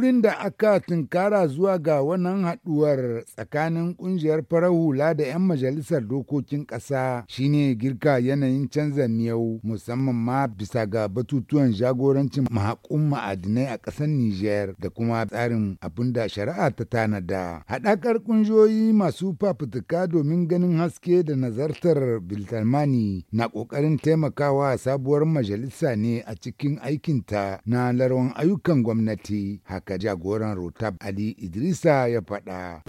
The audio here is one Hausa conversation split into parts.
Wurin da aka tunkara zuwa ga wannan haɗuwar tsakanin ƙungiyar farar hula da 'yan majalisar dokokin ƙasa shine girka yanayin canza miyau musamman ma bisa ga batutuwan jagorancin mahakun ma'adinai a ƙasar Nijar da kuma tsarin abin da shari'a ta tanada. Haɗakar ƙungiyoyi masu fafutuka domin ganin haske da nazartar Biltalmani na ƙoƙarin taimakawa sabuwar majalisa ne a cikin aikinta na larwan ayyukan gwamnati. Haka haka jagoran rotab ali idrisa ya faɗa.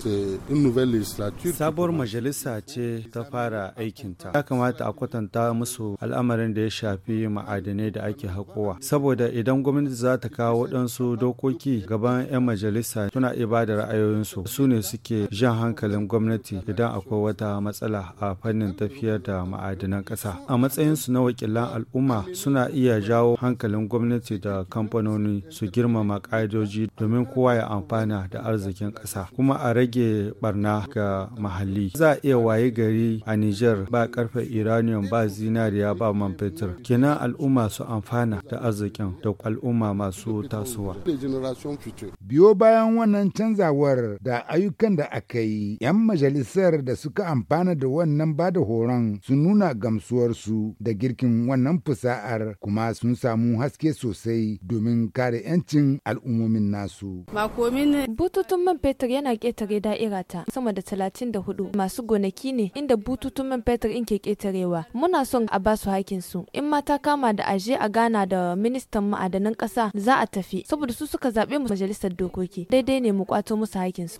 sabuwar majalisa ce ta fara aikinta ya kamata a kwatanta musu al'amarin da ya shafi ma'adanai da ake haƙowa saboda idan gwamnati za ta kawo waɗansu dokoki gaban 'yan majalisa suna ibada ra'ayoyinsu su ne suke jan hankalin gwamnati idan akwai wata matsala a fannin tafiyar da ma'adanan ƙasa a matsayinsu na wakilan al'umma suna iya jawo hankalin gwamnati da kamfanoni su girmama ƙa'idoji domin kowa ya amfana da arzikin ƙasa kuma a rage barna ga mahalli za a iya waye gari a niger ba karfe uranium ba zinariya ba man fetur kenan al'umma su amfana da arzikin da al'umma masu tasowa biyo bayan wannan canzawar da ayyukan da aka yi 'yan majalisar da suka amfana da wannan ba da horon su nuna gamsuwarsu da girkin wannan fusa'ar kuma sun samu haske sosai domin kare 'yancin al'ummomin nasu su. Bututun man fetur yana ketare da'ira ta sama da talatin da hudu masu gonaki ne inda bututun man fetur in ke ketarewa Muna son a basu hakin su. In ma ta kama da aje a gana da ministan ma'adanan kasa za a tafi saboda su suka zaɓe mu majalisar dokoki. Daidai ne mu kwato musu hakin su.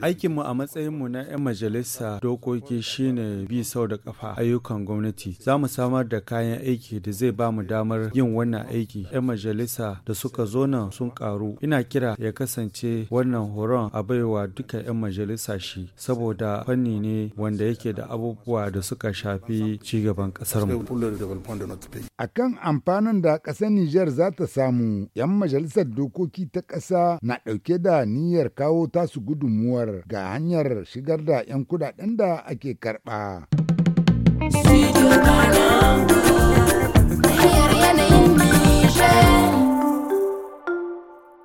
Aikin mu a matsayin mu na 'yan majalisa dokoki shine bi sau da kafa ayyukan gwamnati. Za mu samar da kayan aiki da zai ba mu damar yin wannan aiki. 'Yan majalisa da suka zo nan sun karu ina kira ya kasance wannan horon a baiwa duka 'yan majalisa shi saboda fanni ne wanda yake da abubuwa da suka shafi cigaban kasar mu kan amfanin da ƙasar niger za ta samu 'yan majalisar dokoki ta kasa na dauke da niyyar kawo tasu gudunmuwar ga hanyar shigar da 'yan kudaden da ake karɓa.